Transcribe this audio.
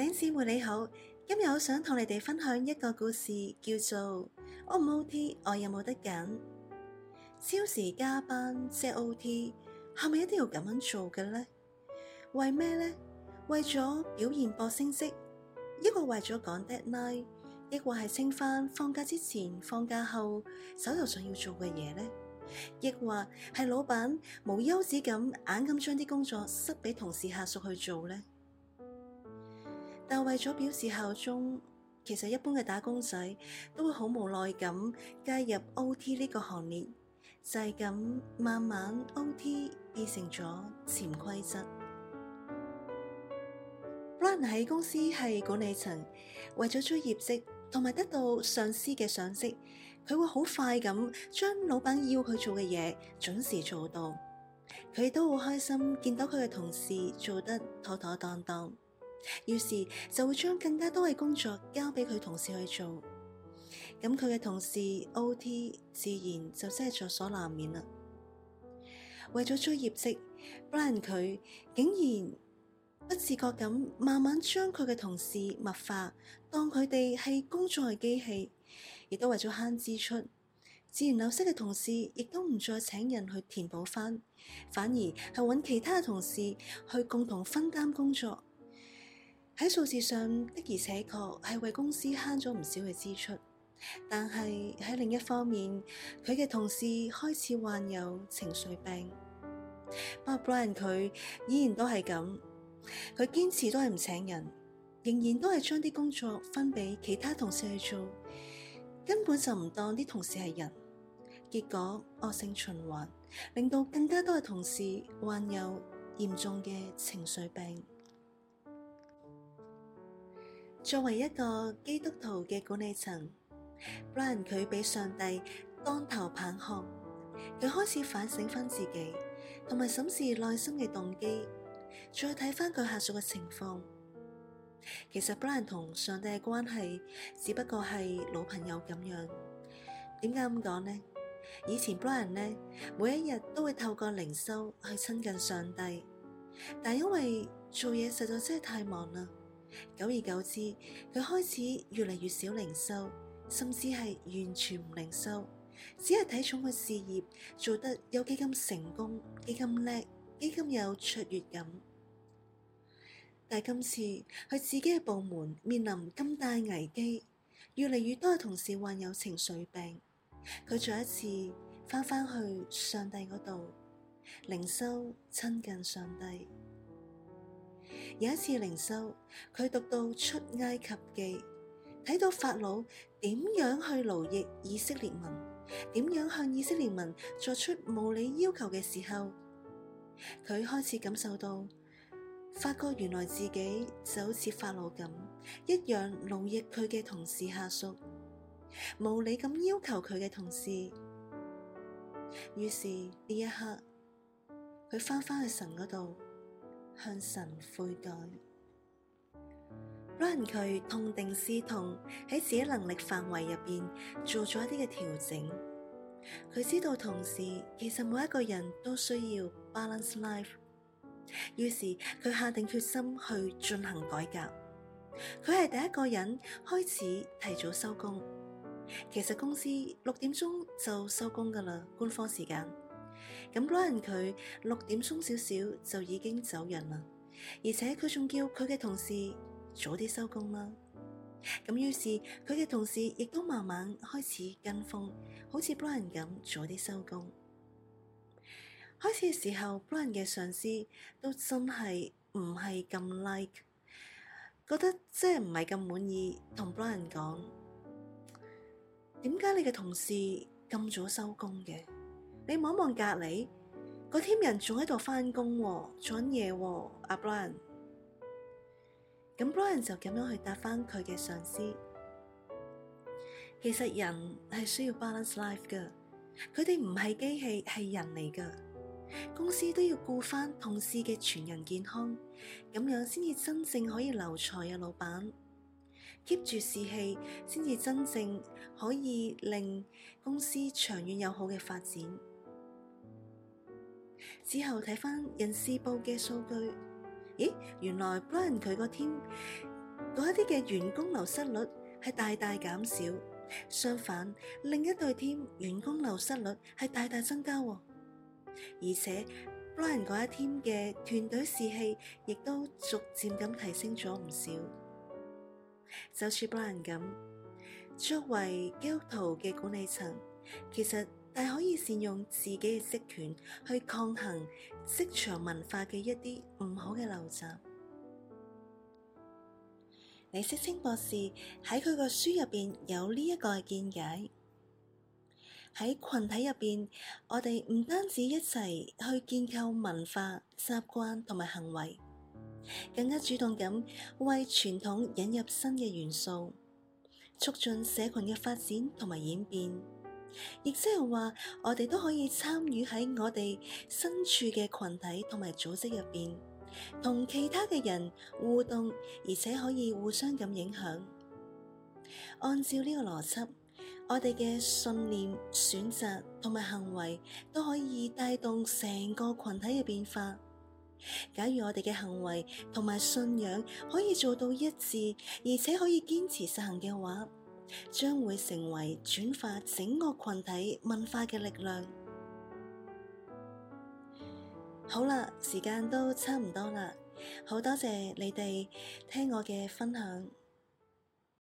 領事會你好，今日我想同你哋分享一個故事，叫做 O 唔 OT，我有冇得揀？超時加班，即 OT，係咪一定要咁樣做嘅呢？為咩呢？為咗表現博升職，一個為咗講 deadline，亦或係清翻放假之前、放假後手頭想要做嘅嘢呢，亦或係老闆無休止咁硬咁將啲工作塞俾同事、下屬去做呢？但為咗表示效忠，其實一般嘅打工仔都會好無奈咁加入 O.T. 呢個行列，就係咁慢慢 O.T. 變成咗潛規則。Brian 喺公司係管理層，為咗追業績同埋得到上司嘅賞識，佢會好快咁將老闆要佢做嘅嘢準時做到，佢都好開心見到佢嘅同事做得妥妥當當。於是就會將更加多嘅工作交俾佢同事去做，咁佢嘅同事 O.T. 自然就真係在所難免啦。為咗追業績，Brian 佢竟然不自覺咁慢慢將佢嘅同事物化，當佢哋係工作嘅機器，亦都為咗慳支出，自然流失嘅同事亦都唔再請人去填補翻，反而係揾其他同事去共同分擔工作。喺數字上，的而且確係為公司慳咗唔少嘅支出，但係喺另一方面，佢嘅同事開始患有情緒病。不過，Brian 佢依然都係咁，佢堅持都係唔請人，仍然都係將啲工作分俾其他同事去做，根本就唔當啲同事係人。結果惡性循環，令到更加多嘅同事患有嚴重嘅情緒病。作為一個基督徒嘅管理層，Brian 佢俾上帝當頭棒喝，佢開始反省翻自己，同埋審視內心嘅動機，再睇翻佢下屬嘅情況。其實 Brian 同上帝嘅關係只不過係老朋友咁樣。點解咁講呢？以前 Brian 呢，每一日都會透過靈修去親近上帝，但因為做嘢實在真係太忙啦。久而久之，佢開始越嚟越少靈修，甚至係完全唔靈修，只係睇重佢事業做得有幾咁成功、幾咁叻、幾咁有卓越感。但今次佢自己嘅部門面臨咁大危機，越嚟越多嘅同事患有情緒病，佢再一次翻返去上帝嗰度靈修，親近上帝。有一次靈修，佢讀到出埃及記，睇到法老點樣去勞役以色列民，點樣向以色列民作出無理要求嘅時候，佢開始感受到發覺原來自己就好似法老咁，一樣勞役佢嘅同事下屬，無理咁要求佢嘅同事。於是呢一刻，佢翻返去神嗰度。向神悔改，拉引佢痛定思痛，喺自己能力範圍入邊做咗一啲嘅調整。佢知道同事，同時其實每一個人都需要 balance life。於是佢下定決心去進行改革。佢係第一個人開始提早收工。其實公司六點鐘就收工㗎喇，官方時間。咁 Brian 佢六點鬆少少就已經走人啦，而且佢仲叫佢嘅同事早啲收工啦。咁於是佢嘅同事亦都慢慢開始跟風，好似 Brian 咁早啲收工。開始嘅時候，Brian 嘅上司都真係唔係咁 like，覺得即係唔係咁滿意，同 Brian 講，點解你嘅同事咁早收工嘅？你望望隔籬，嗰 team 人仲喺度返工、啊，做緊嘢。阿 Brian，咁 Brian 就咁樣去答翻佢嘅上司。其實人係需要 balance life 噶，佢哋唔係機器，係人嚟噶。公司都要顧翻同事嘅全人健康，咁樣先至真正可以留才啊，老闆。keep 住士氣，先至真正可以令公司長遠有好嘅發展。之後睇翻人事部嘅數據，咦？原來 Brian 佢個 team 嗰一啲嘅員工流失率係大大減少，相反另一隊 team 員工流失率係大大增加喎。而且 Brian 嗰一 team 嘅團隊士氣亦都逐漸咁提升咗唔少。就似 Brian 咁，作為基督徒嘅管理層，其實。但可以善用自己嘅職權去抗衡職場文化嘅一啲唔好嘅陋習。李適清博士喺佢個書入邊有呢一個嘅見解：喺群體入邊，我哋唔單止一齊去建構文化、習慣同埋行為，更加主動咁為傳統引入新嘅元素，促進社群嘅發展同埋演變。亦即係話，我哋都可以參與喺我哋身處嘅群體同埋組織入邊，同其他嘅人互動，而且可以互相咁影響。按照呢個邏輯，我哋嘅信念、選擇同埋行為都可以帶動成個群體嘅變化。假如我哋嘅行為同埋信仰可以做到一致，而且可以堅持實行嘅話。將會成為轉化整個群體文化嘅力量。好啦，時間都差唔多啦，好多謝你哋聽我嘅分享。